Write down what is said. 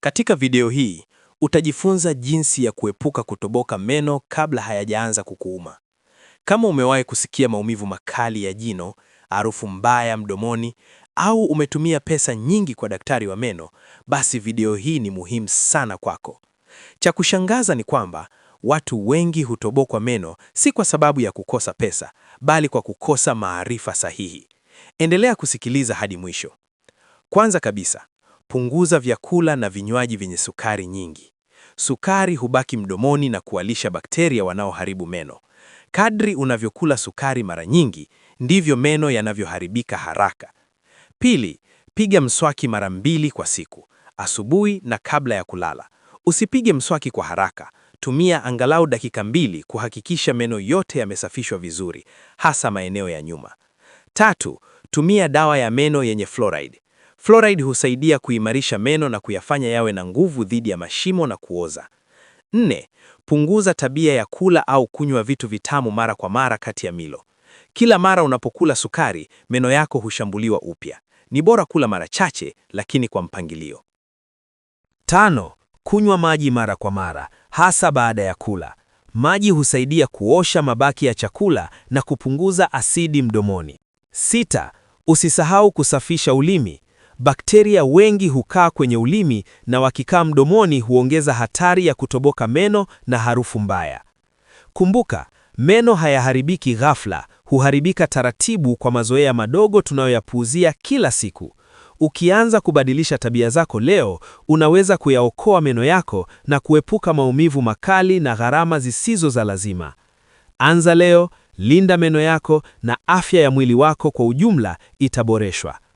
Katika video hii utajifunza jinsi ya kuepuka kutoboka meno kabla hayajaanza kukuuma. Kama umewahi kusikia maumivu makali ya jino, harufu mbaya mdomoni, au umetumia pesa nyingi kwa daktari wa meno, basi video hii ni muhimu sana kwako. Cha kushangaza ni kwamba watu wengi hutobokwa meno si kwa sababu ya kukosa pesa, bali kwa kukosa maarifa sahihi. Endelea kusikiliza hadi mwisho. Kwanza kabisa, Punguza vyakula na vinywaji vyenye sukari nyingi. Sukari hubaki mdomoni na kuwalisha bakteria wanaoharibu meno. Kadri unavyokula sukari mara nyingi, ndivyo meno yanavyoharibika haraka. Pili, piga mswaki mara mbili kwa siku, asubuhi na kabla ya kulala. Usipige mswaki kwa haraka. Tumia angalau dakika mbili kuhakikisha meno yote yamesafishwa vizuri, hasa maeneo ya nyuma. Tatu, tumia dawa ya meno yenye fluoride. Fluoride husaidia kuimarisha meno na kuyafanya yawe na nguvu dhidi ya mashimo na kuoza. Nne, punguza tabia ya kula au kunywa vitu vitamu mara kwa mara kati ya milo. Kila mara unapokula sukari, meno yako hushambuliwa upya. Ni bora kula mara chache lakini kwa mpangilio. Tano, kunywa maji mara kwa mara, hasa baada ya kula. Maji husaidia kuosha mabaki ya chakula na kupunguza asidi mdomoni. Sita, usisahau kusafisha ulimi bakteria wengi hukaa kwenye ulimi na wakikaa mdomoni huongeza hatari ya kutoboka meno na harufu mbaya. Kumbuka, meno hayaharibiki ghafla, huharibika taratibu kwa mazoea madogo tunayoyapuuzia kila siku. Ukianza kubadilisha tabia zako leo, unaweza kuyaokoa meno yako na kuepuka maumivu makali na gharama zisizo za lazima. Anza leo, linda meno yako na afya ya mwili wako kwa ujumla itaboreshwa.